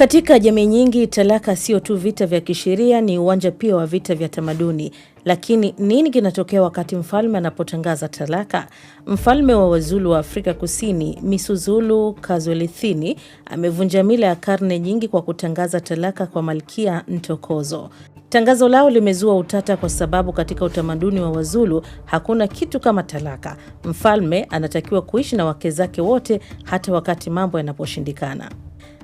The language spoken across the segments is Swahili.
Katika jamii nyingi, talaka sio tu vita vya kisheria, ni uwanja pia wa vita vya tamaduni. Lakini nini kinatokea wakati mfalme anapotangaza talaka? Mfalme wa Wazulu wa Afrika Kusini, Misuzulu Kazwelithini, amevunja mila ya karne nyingi kwa kutangaza talaka kwa Malkia Ntokozo. Tangazo lao limezua utata kwa sababu katika utamaduni wa Wazulu hakuna kitu kama talaka. Mfalme anatakiwa kuishi na wake zake wote hata wakati mambo yanaposhindikana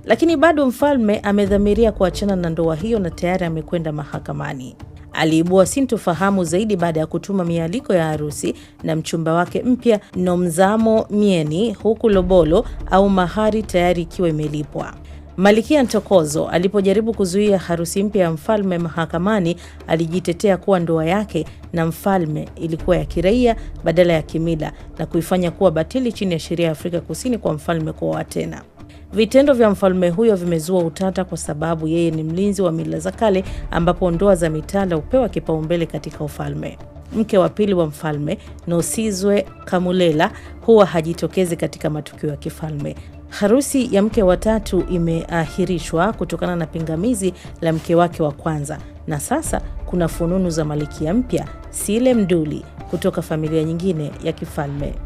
lakini bado mfalme amedhamiria kuachana na ndoa hiyo na tayari amekwenda mahakamani. Aliibua sintofahamu zaidi baada ya kutuma mialiko ya harusi na mchumba wake mpya Nomzamo Mieni, huku lobolo au mahari tayari ikiwa imelipwa. Malikia Ntokozo alipojaribu kuzuia harusi mpya ya mfalme mahakamani, alijitetea kuwa ndoa yake na mfalme ilikuwa ya kiraia badala ya kimila na kuifanya kuwa batili chini ya sheria ya Afrika Kusini kwa mfalme kuoa tena. Vitendo vya mfalme huyo vimezua utata kwa sababu yeye ni mlinzi wa mila za kale ambapo ndoa za mitanda hupewa kipaumbele katika ufalme. Mke wa pili wa mfalme Nosizwe Kamulela huwa hajitokezi katika matukio ya kifalme. Harusi ya mke wa tatu imeahirishwa kutokana na pingamizi la mke wake wa kwanza, na sasa kuna fununu za malikia mpya Sile Mduli kutoka familia nyingine ya kifalme.